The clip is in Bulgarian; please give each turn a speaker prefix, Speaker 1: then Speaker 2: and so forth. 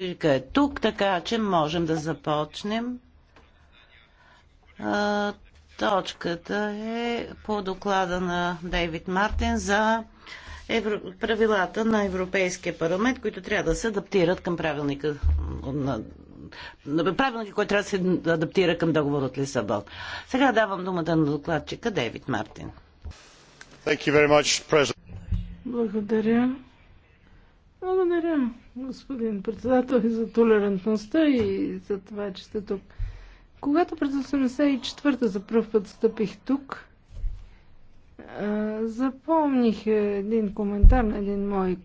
Speaker 1: Рика е тук, така че можем да започнем. точката е по доклада на Дейвид Мартин за правилата на Европейския парламент, които трябва да се адаптират към правилника на правилника, който трябва да се адаптира към договор от Лисабон. Сега давам думата на докладчика Дейвид Мартин.
Speaker 2: Благодаря, благодаря, господин председател,
Speaker 3: и за толерантността и за това, че сте тук. Когато през 84-та за първ път стъпих тук, запомних
Speaker 4: един коментар на един мой